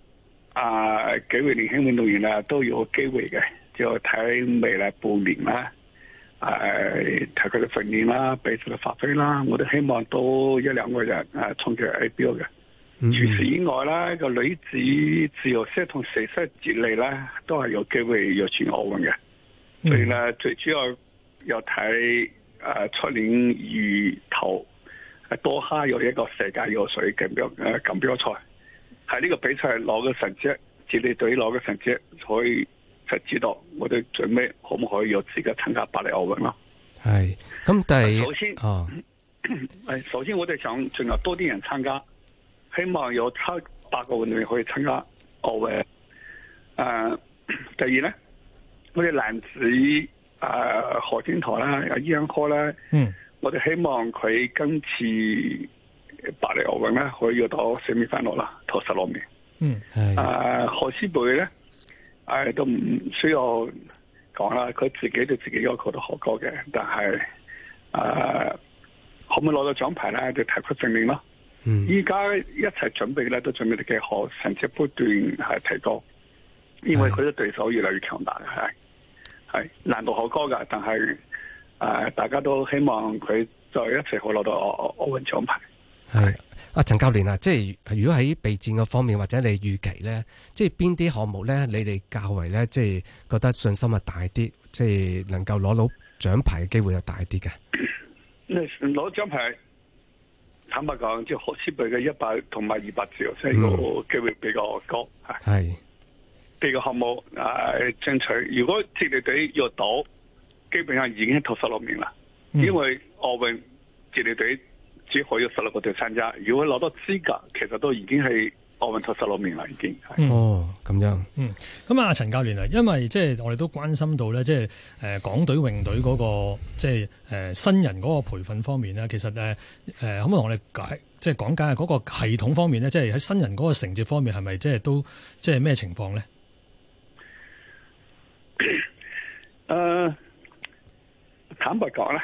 啊幾位年輕運動員啦，都有機會嘅，就睇未來半年啦。係睇佢哋訓練啦，比賽嘅發揮啦，我都希望多一兩個人啊，衝擊 A 標嘅。Mm-hmm. 除此以外咧，個女子自由式同四式接力咧，都係有機會入選奧運嘅。所以咧，mm-hmm. 最主要又睇誒出年預頭，多哈有一個世界游水錦標誒錦標賽，喺呢個比賽攞嘅成績，接力隊攞嘅成績，所以。就知道我哋準備可唔可以有資格參加巴黎奧運咯？係咁，第首先啊，誒、哦，首先我哋想盡量多啲人參加，希望有七八個運動員可以參加奧運。誒、哦呃，第二咧，我哋男子誒、呃、何甄陶啦，阿、啊、Ian 哥啦，嗯，我哋希望佢今次巴黎奧運咧可以攞四面翻落啦，攞十六面。嗯，係。誒，何詩蓓咧？誒、哎，都唔需要講啦，佢自己對自己要求都好高嘅，但係誒可唔可以攞到獎牌咧？就提出證明咯。嗯，依家一齊準備咧，都準備得幾好，成績不斷係提高，因為佢嘅對手越嚟越強大，係係難度好高噶，但係誒、呃、大家都希望佢再一齊可攞到奧運獎牌。係阿陳教練啊，即係如果喺備戰方面或者你預期咧，即係邊啲項目咧，你哋較為咧，即係覺得信心啊大啲，即係能夠攞到獎牌嘅機會又大啲嘅。攞獎牌，坦白講，即係何詩蓓嘅一百同埋二百兆，即係個機會比較高吓。係、嗯、幾個項目啊，爭取如果接力隊要到，基本上已經投十六名啦，因為奧運接力隊。可以十六個隊參加，如果攞到資格，其實都已經係奧運出十六名啦，已經。哦，咁樣。嗯，咁、嗯、啊，陳教練啊，因為即係我哋都關心到咧、那個，即係誒港隊泳隊嗰個即係誒新人嗰個培訓方面咧，其實誒誒可唔可以同我哋解即係講解下嗰個系統方面咧，即係喺新人嗰個成績方面係咪即係都即係咩情況咧？誒、呃，坦白講咧，誒、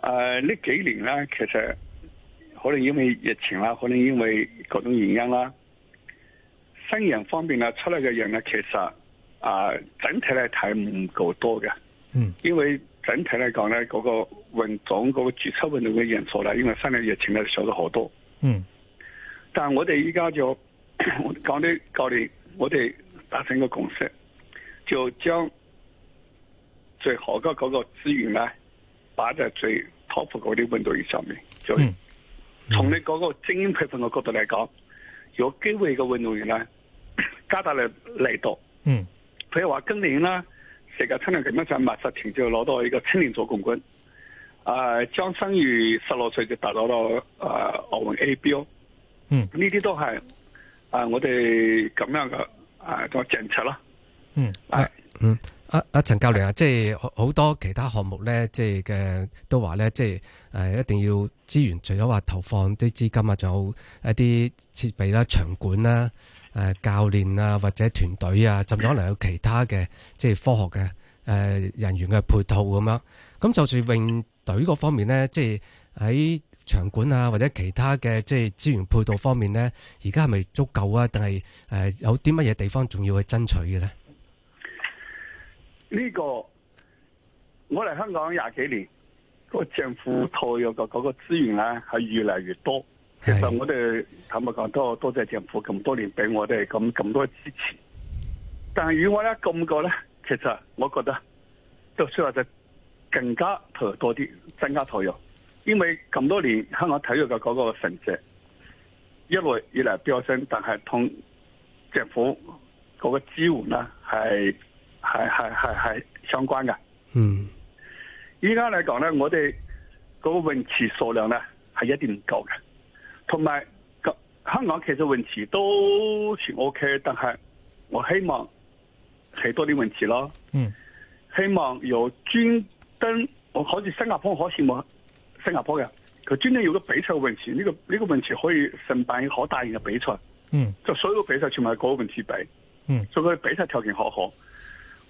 呃、呢幾年咧，其實。可能因為疫情啦、啊，可能因為各種原因啦，新人方面呢，出嚟嘅人咧，其實啊、呃，整體嚟睇唔夠多嘅。嗯，因為整體嚟講咧，嗰個運總嗰個注冊運動嘅人數咧，因為新年疫情咧少咗好多。嗯，但係我哋依家就講啲教練，我哋達成一個共識，就將最好嘅嗰個資源咧擺在最 top 嗰啲運動員上面就、嗯。從、嗯、你嗰個精英培訓嘅角度嚟講，有機會嘅運動員咧，加大力力度。嗯。譬如話今年啦，世界青年錦標賽麥澤廷就攞到一個青年組冠軍、呃江生呃 ABO，嗯呃呃嗯。啊，張新余十六歲就達攞到啊奧運 A 標。嗯。呢啲都係啊，我哋咁樣嘅啊個政策咯。嗯。係。嗯。阿阿陳教練啊，即係好多其他項目咧，即係嘅都話咧，即係誒一定要資源，除咗話投放啲資金啊，仲有一啲設備啦、場館啦、誒教練啊或者團隊啊，甚至可能有其他嘅即係科學嘅誒人員嘅配套咁樣。咁就算泳隊嗰方面咧，即係喺場館啊或者其他嘅即係資源配套方面咧，而家係咪足夠啊？定係誒有啲乜嘢地方仲要去爭取嘅咧？呢、這個我嚟香港廿幾年，個政府投入嘅嗰個資源咧係越嚟越多。其實我哋坦白講，多多謝政府咁多年俾我哋咁咁多支持。但係如果咧咁個咧，其實我覺得都需要就更加投入多啲，增加投入，因為咁多年香港體育嘅嗰個成績一路越嚟飆升，但係同政府嗰個支援咧係。係係係係相關嘅。嗯，依家嚟講咧，我哋個泳池數量咧係一定唔夠嘅，同埋，香港其實泳池都算 O K，但係我希望起多啲泳池咯，嗯，希望有專登，我好似新加坡，好似冇新加坡嘅，佢專登有個比賽泳池，呢個呢個泳池可以承辦好大型嘅比賽，嗯，就所有嘅比賽全部喺嗰個泳池比，嗯，所以佢比賽條件好好。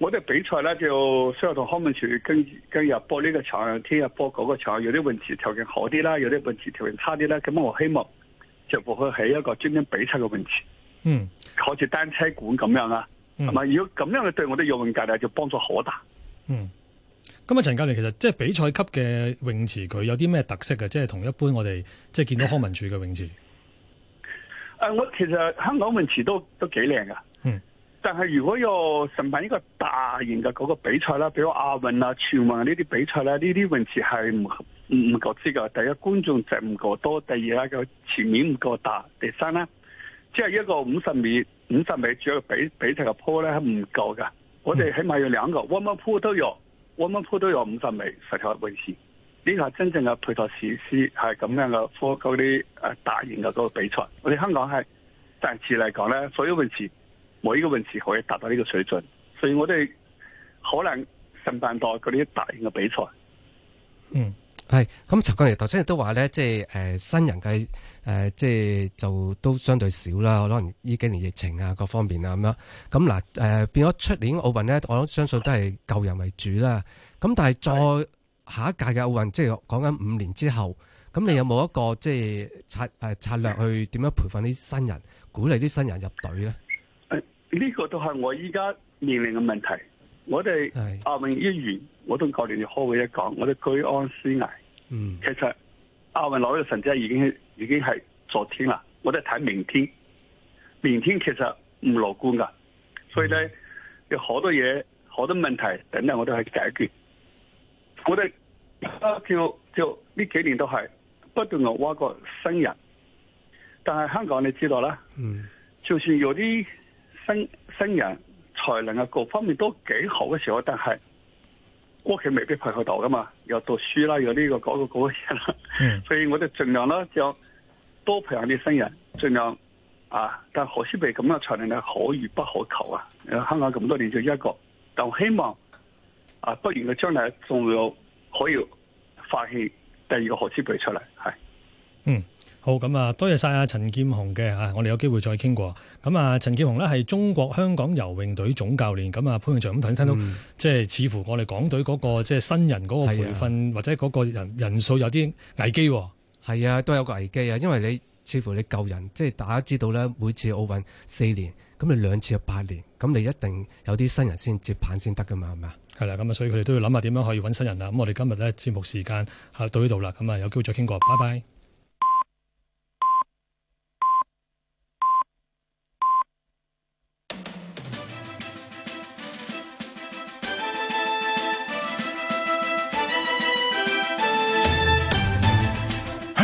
我哋比賽咧就需要同康文署今今日播呢個場，聽日播嗰個場有啲泳池條件好啲啦，有啲泳池條件差啲啦。咁我希望就撥去起一個專登比賽嘅泳池，嗯，好似單車館咁樣啦。係、嗯、嘛？如果咁樣嘅對我哋游泳界咧就幫助好大。嗯，咁啊，陳教練，其實即係比賽級嘅泳池，佢有啲咩特色嘅？即、就、係、是、同一般我哋即係見到康文署嘅泳池。誒、呃，我其實香港泳池都都幾靚噶。嗯。但係如果要承辦呢個大型嘅嗰個比賽啦，比如亞運啊、全運啊呢啲比賽咧，呢啲泳池係唔唔夠資格。第一觀眾席唔夠多，第二咧個前面唔夠大，第三咧即係一個五十米五十米主要比比賽嘅坡咧唔夠噶。我哋起碼有兩個彎彎坡都有，彎彎坡都有五十米十條泳池。呢個真正嘅配套設施係咁樣嘅，科嗰啲誒大型嘅嗰個比賽，我哋香港係暫時嚟講咧所有泳池，每一個泳池可以達到呢個水準，所以我哋可能承辦多嗰啲大型嘅比賽。嗯，係咁陳劍虹頭先亦都話咧，即係誒、呃、新人嘅誒、呃，即係就都相對少啦。可能呢幾年疫情啊，各方面啊咁樣。咁嗱誒，變咗出年奧運呢，我諗相信都係舊人為主啦。咁但係再下一屆嘅奧運，即係講緊五年之後，咁你有冇一個即係策誒、呃、策略去點樣培訓啲新人，鼓勵啲新人入隊咧？呢、這個都係我依家面臨嘅問題。我哋亞運一員，我同各位開會一講，我哋居安思危，嗯。其實亞運攞嘅成績已經已經係昨天啦，我哋睇明天，明天其實唔樂觀噶。所以咧，嗯，有好多嘢，好多問題等等我哋去解決。我哋阿叫叫呢幾年都係不斷嘅挖個新人，但係香港你知道啦，嗯，就算有啲。新新人才能啊，各方面都幾好嘅時候，但係屋企未必配佢到噶嘛，有讀書啦，有呢、這個嗰個嗰，個個 所以我哋盡量啦，就多培養啲新人，盡量啊。但係何詩蓓咁嘅才能係可遇不可求啊！因為香港咁多年就一個，但我希望啊，不然嘅將來仲有可以發現第二個何詩蓓出嚟，係嗯。好咁啊，多謝晒阿陳劍虹嘅吓，我哋有機會再傾過。咁啊，陳劍虹咧係中國香港游泳隊總教練。咁啊，劉永松咁頭先聽到，即、嗯、係似乎我哋港隊嗰個即係新人嗰個培訓、啊、或者嗰個人人數有啲危機。係啊，都有個危機啊，因為你似乎你救人，即係大家知道咧，每次奧運四年，咁你兩次就八年，咁你一定有啲新人先接棒先得噶嘛，係咪啊？係啦，咁啊，所以佢哋都要諗下點樣可以揾新人啦。咁我哋今日咧節目時間吓到呢度啦，咁啊有機會再傾過，拜拜。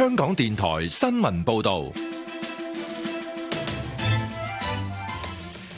香港電台新聞報道。